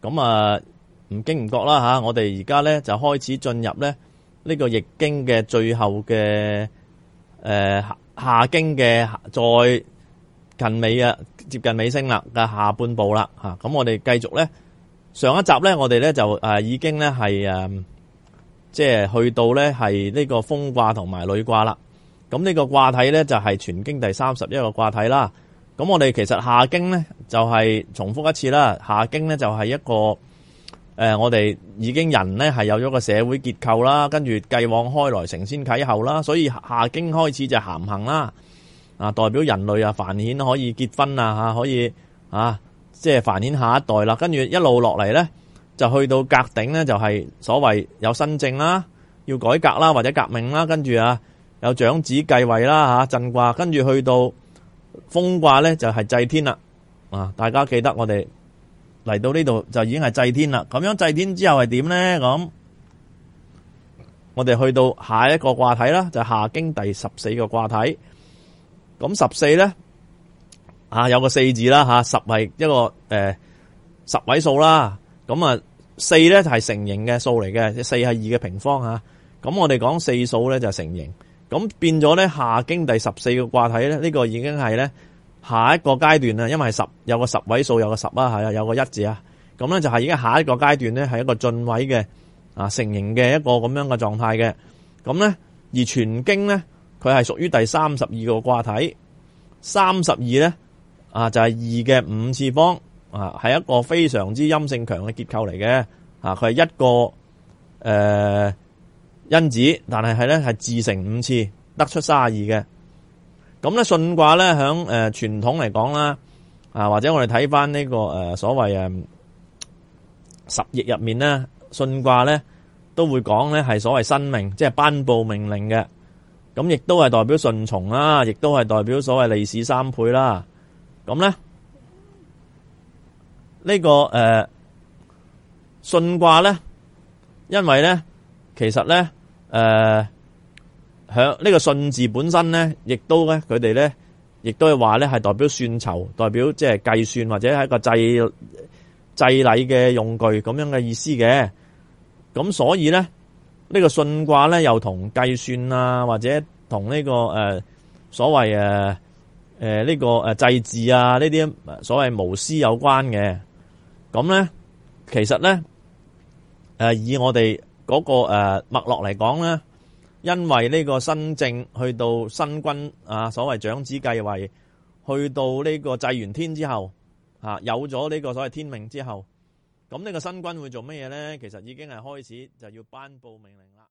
咁啊，唔經唔覺啦吓，我哋而家咧就開始進入咧呢個易經嘅最後嘅誒下下經嘅再近尾啊，接近尾聲啦嘅下半部啦吓，咁我哋繼續咧上一集咧，我哋咧就誒已經咧係誒即係去到咧係呢個豐卦同埋旅卦啦，咁呢個卦體咧就係全經第三十一個卦體啦。咁我哋其實下經呢，就係、是、重複一次啦，下經呢，就係一個誒、呃，我哋已經人呢，係有咗個社會結構啦，跟住繼往開來，承先啟後啦，所以下經開始就咸恆恆啦，啊代表人類啊繁衍，可以結婚啊可以啊即係、就是、繁衍下一代啦，跟住一路落嚟呢，就去到革鼎呢，就係、是、所謂有新政啦，要改革啦或者革命啦，跟住啊有長子繼位啦嚇，震卦、啊、跟住去到。風卦咧就係祭天啦，啊！大家記得我哋嚟到呢度就已經係祭天啦。咁樣祭天之後係點咧？咁我哋去到下一個卦體啦，就下經第十四個卦體。咁十四咧，啊有個四字啦吓，十係一個誒、呃、十位數啦。咁啊四咧就係、是、成形嘅數嚟嘅，四係二嘅平方吓。咁我哋講四數咧就係成形。咁變咗咧，下經第十四個卦體咧，呢個已經係咧下一個階段啦，因為係十有個十位數，有個十啊，係啊，有個一字啊，咁咧就係已經下一個階段咧，係一個進位嘅啊，成形嘅一個咁樣嘅狀態嘅。咁、啊、咧而全經咧，佢係屬於第三十二個卦體，三十二咧啊就係二嘅五次方啊，係一個非常之陰性強嘅結構嚟嘅啊，佢係一個誒。呃因子，但係係咧係自成五次，得出卅二嘅。咁咧，巽卦咧響誒傳統嚟講啦，啊或者我哋睇翻呢個誒、呃、所謂誒十翼入面咧，巽卦咧都會講咧係所謂申命，即係頒布命令嘅。咁亦都係代表順從啦，亦都係代，代表所謂利市三倍啦。咁咧、這個呃、呢個誒巽卦咧，因為咧其實咧。誒、呃，響、這、呢個巽字本身咧，亦都咧，佢哋咧，亦都係話咧，係代表算籌，代表即係計算或者係一個祭祭禮嘅用具咁樣嘅意思嘅。咁所以咧，呢、這個巽卦咧，又同計算啊，或者同呢、這個誒、呃、所謂誒誒呢個誒祭祀啊呢啲所謂巫師有關嘅。咁咧，其實咧，誒、呃、以我哋。嗰、那個誒、啊、脈絡嚟講咧，因為呢個新政，去到新君啊，所謂長子繼位，去到呢個祭完天之後嚇、啊、有咗呢個所謂天命之後，咁呢個新君會做乜嘢咧？其實已經係開始就要頒布命令啦。